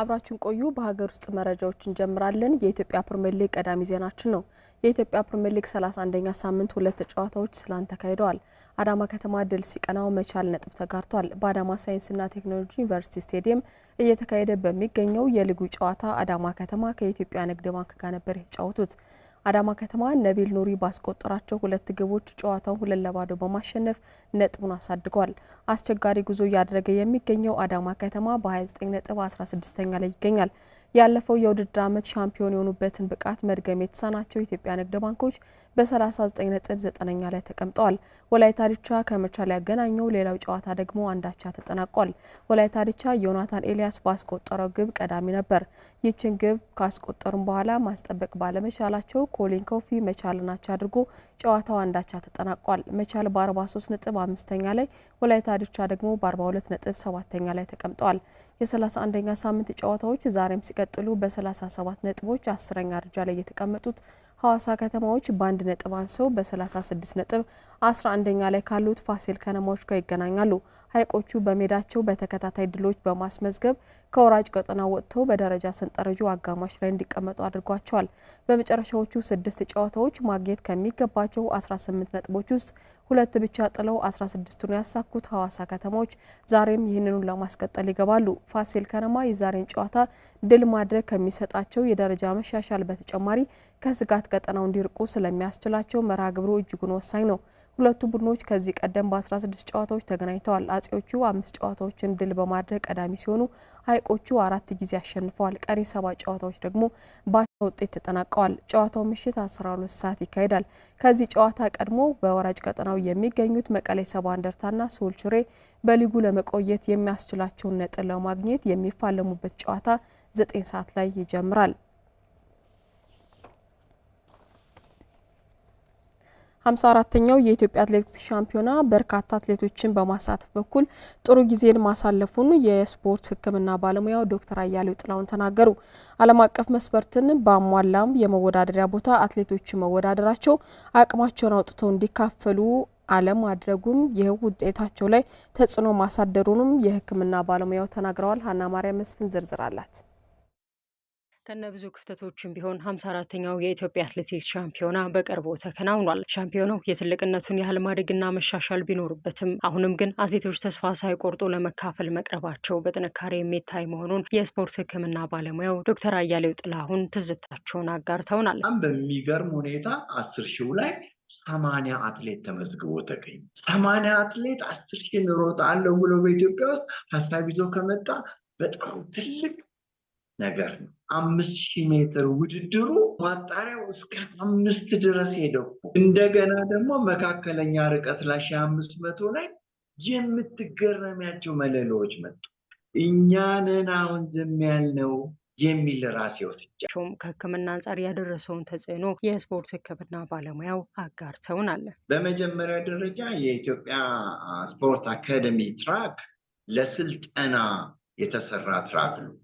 አብራችን ቆዩ። በሀገር ውስጥ መረጃዎች እንጀምራለን። የኢትዮጵያ ፕሪምየር ሊግ ቀዳሚ ዜናችን ነው። የኢትዮጵያ ፕሪምየር ሊግ 31ኛ ሳምንት ሁለት ጨዋታዎች ስላን ተካሂደዋል። አዳማ ከተማ ድል ሲቀናው መቻል ነጥብ ተጋርቷል። በአዳማ ሳይንስና ቴክኖሎጂ ዩኒቨርሲቲ ስቴዲየም እየተካሄደ በሚገኘው የሊጉ ጨዋታ አዳማ ከተማ ከኢትዮጵያ ንግድ ባንክ ጋር ነበር የተጫወቱት። አዳማ ከተማ ነቢል ኑሪ ባስቆጠራቸው ሁለት ግቦች ጨዋታውን ሁለት ለባዶ በማሸነፍ ነጥቡን አሳድጓል። አስቸጋሪ ጉዞ እያደረገ የሚገኘው አዳማ ከተማ በ29 ነጥብ 16ኛ ላይ ይገኛል። ያለፈው የውድድር ዓመት ሻምፒዮን የሆኑበትን ብቃት መድገም የተሳናቸው የኢትዮጵያ ንግድ ባንኮች በ ነጥብ ዘጠነኛ ላይ ተቀምጠዋል። ወላይታ ዲቻ ከመቻል ያገናኘው ሌላው ጨዋታ ደግሞ አንዳቻ ተጠናቋል። ወላይታ ዲቻ ዮናታን ኤልያስ ባስቆጠረው ግብ ቀዳሚ ነበር። ይህችን ግብ ካስቆጠሩም በኋላ ማስጠበቅ ባለመቻላቸው ኮሊን ኮፊ መቻልን አቻ አድርጎ ጨዋታው አንዳቻ ተጠናቋል። መቻል በ43 ነጥብ አምስተኛ ላይ፣ ወላይታ ዲቻ ደግሞ በ42 ነጥብ ሰባተኛ ላይ ተቀምጠዋል። የ31ኛ ሳምንት ጨዋታዎች ዛሬም ሲቀ ቀጥሎ በ37 ነጥቦች አስረኛ ደረጃ ላይ የተቀመጡት ሐዋሳ ከተማዎች በአንድ ነጥብ አንሰው በ36 ነጥብ 11ኛ ላይ ካሉት ፋሲል ከነማዎች ጋር ይገናኛሉ። ሀይቆቹ በሜዳቸው በተከታታይ ድሎች በማስመዝገብ ከወራጅ ቀጠና ወጥተው በደረጃ ሰንጠረዡ አጋማሽ ላይ እንዲቀመጡ አድርጓቸዋል። በመጨረሻዎቹ ስድስት ጨዋታዎች ማግኘት ከሚገባቸው 18 ነጥቦች ውስጥ ሁለት ብቻ ጥለው 16ቱን ያሳኩት ሐዋሳ ከተማዎች ዛሬም ይህንኑን ለማስቀጠል ይገባሉ። ፋሲል ከነማ የዛሬን ጨዋታ ድል ማድረግ ከሚሰጣቸው የደረጃ መሻሻል በተጨማሪ ከስጋት ቀጠናው እንዲርቁ ስለሚያስችላቸው መርሃ ግብሩ እጅጉን ወሳኝ ነው። ሁለቱ ቡድኖች ከዚህ ቀደም በ16 ጨዋታዎች ተገናኝተዋል። አጼዎቹ አምስት ጨዋታዎችን ድል በማድረግ ቀዳሚ ሲሆኑ ሀይቆቹ አራት ጊዜ አሸንፈዋል። ቀሪ ሰባ ጨዋታዎች ደግሞ በአቻ ውጤት ተጠናቀዋል። ጨዋታው ምሽት 12 ሰዓት ይካሄዳል። ከዚህ ጨዋታ ቀድሞ በወራጅ ቀጠናው የሚገኙት መቀሌ ሰባ እንደርታና ሶል ቹሬ በሊጉ ለመቆየት የሚያስችላቸውን ነጥብ ለማግኘት የሚፋለሙበት ጨዋታ 9 ሰዓት ላይ ይጀምራል። 54ኛው የኢትዮጵያ አትሌቲክስ ሻምፒዮና በርካታ አትሌቶችን በማሳተፍ በኩል ጥሩ ጊዜን ማሳለፉን የስፖርት ሕክምና ባለሙያው ዶክተር አያሌው ጥላውን ተናገሩ። ዓለም አቀፍ መስፈርትን በአሟላም የመወዳደሪያ ቦታ አትሌቶች መወዳደራቸው አቅማቸውን አውጥተው እንዲካፈሉ አለማድረጉም ይህ ውጤታቸው ላይ ተጽዕኖ ማሳደሩንም የሕክምና ባለሙያው ተናግረዋል። ሀና ማርያም መስፍን ዝርዝር አላት። ከነብዙ ክፍተቶችም ቢሆን 54ኛው የኢትዮጵያ አትሌቲክስ ሻምፒዮና በቅርቡ ተከናውኗል። ሻምፒዮናው የትልቅነቱን ያህል ማደግና መሻሻል ቢኖርበትም አሁንም ግን አትሌቶች ተስፋ ሳይቆርጡ ለመካፈል መቅረባቸው በጥንካሬ የሚታይ መሆኑን የስፖርት ሕክምና ባለሙያው ዶክተር አያሌው ጥላሁን ትዝብታቸውን አጋርተውናል። በሚገርም ሁኔታ አስር ሺው ላይ ሰማንያ አትሌት ተመዝግቦ ተገኝ ሰማንያ አትሌት አስር ሺ ሮጣ አለው ብሎ በኢትዮጵያ ውስጥ ሀሳብ ይዞ ከመጣ በጣም ትልቅ ነገር ነው። አምስት ሺህ ሜትር ውድድሩ ማጣሪያው እስከ አምስት ድረስ ሄደው እንደገና ደግሞ መካከለኛ ርቀት ላይ ሺህ አምስት መቶ ላይ የምትገረሚያቸው መለሎዎች መጡ። እኛንን አሁን ዝም ያልነው የሚል ራሴ ወስጃቸውም ከህክምና አንጻር ያደረሰውን ተጽዕኖ የስፖርት ህክምና ባለሙያው አጋርተውናል። በመጀመሪያ ደረጃ የኢትዮጵያ ስፖርት አካደሚ ትራክ ለስልጠና የተሰራ ትራክ ነው።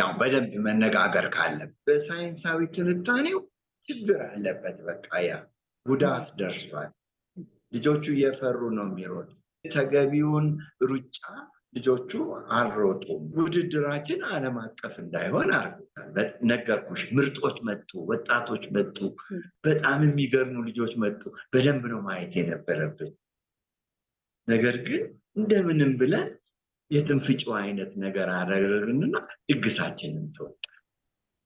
ያው በደንብ መነጋገር ካለ በሳይንሳዊ ትንታኔው ችግር አለበት። በቃ ያ ጉዳት ደርሷል። ልጆቹ እየፈሩ ነው የሚሮጡ። ተገቢውን ሩጫ ልጆቹ አልሮጡም። ውድድራችን ዓለም አቀፍ እንዳይሆን አድርጎታል። ነገርኩሽ፣ ምርጦች መጡ፣ ወጣቶች መጡ፣ በጣም የሚገርሙ ልጆች መጡ። በደንብ ነው ማየት የነበረብን። ነገር ግን እንደምንም ብለን የትንፍጭ አይነት ነገር አደረግንና ድግሳችንን ተወጣ።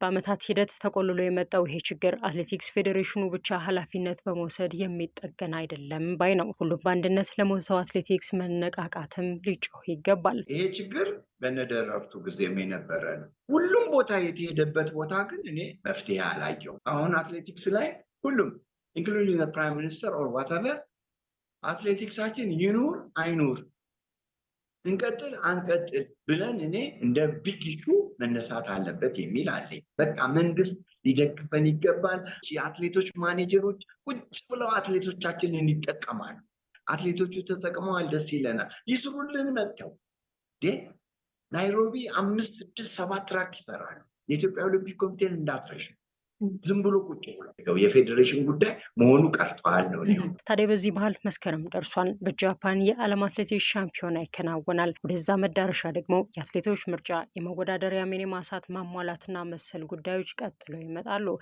በአመታት ሂደት ተቆልሎ የመጣው ይሄ ችግር አትሌቲክስ ፌዴሬሽኑ ብቻ ኃላፊነት በመውሰድ የሚጠገን አይደለም ባይ ነው። ሁሉም በአንድነት ለሞተው አትሌቲክስ መነቃቃትም ሊጮህ ይገባል። ይሄ ችግር በነደረፍቱ ጊዜም የነበረ ነው። ሁሉም ቦታ የተሄደበት ቦታ ግን እኔ መፍትሄ አላየው። አሁን አትሌቲክስ ላይ ሁሉም ኢንክሉዲንግ ፕራይም ሚኒስተር ኦር ዋተቨር አትሌቲክሳችን ይኑር አይኑር እንቀጥል አንቀጥል ብለን እኔ እንደ ቢጊቹ መነሳት አለበት የሚል አለኝ። በቃ መንግስት ሊደግፈን ይገባል። የአትሌቶች ማኔጀሮች ቁጭ ብለው አትሌቶቻችንን ይጠቀማሉ። አትሌቶቹ ተጠቅመዋል፣ ደስ ይለናል። ይስሩልን መጥተው ናይሮቢ አምስት ስድስት ሰባት ትራክ ይሰራሉ። የኢትዮጵያ ኦሎምፒክ ኮሚቴን እንዳትረሽ ዝም ብሎ ቁጭ ብሎ የፌዴሬሽን ጉዳይ መሆኑ ቀርቷል ነው። ታዲያ በዚህ መሀል መስከረም ደርሷል። በጃፓን የዓለም አትሌቲክስ ሻምፒዮና ይከናወናል። ወደዛ መዳረሻ ደግሞ የአትሌቶች ምርጫ፣ የመወዳደሪያ ሜኔማሳት ማሟላትና መሰል ጉዳዮች ቀጥለው ይመጣሉ።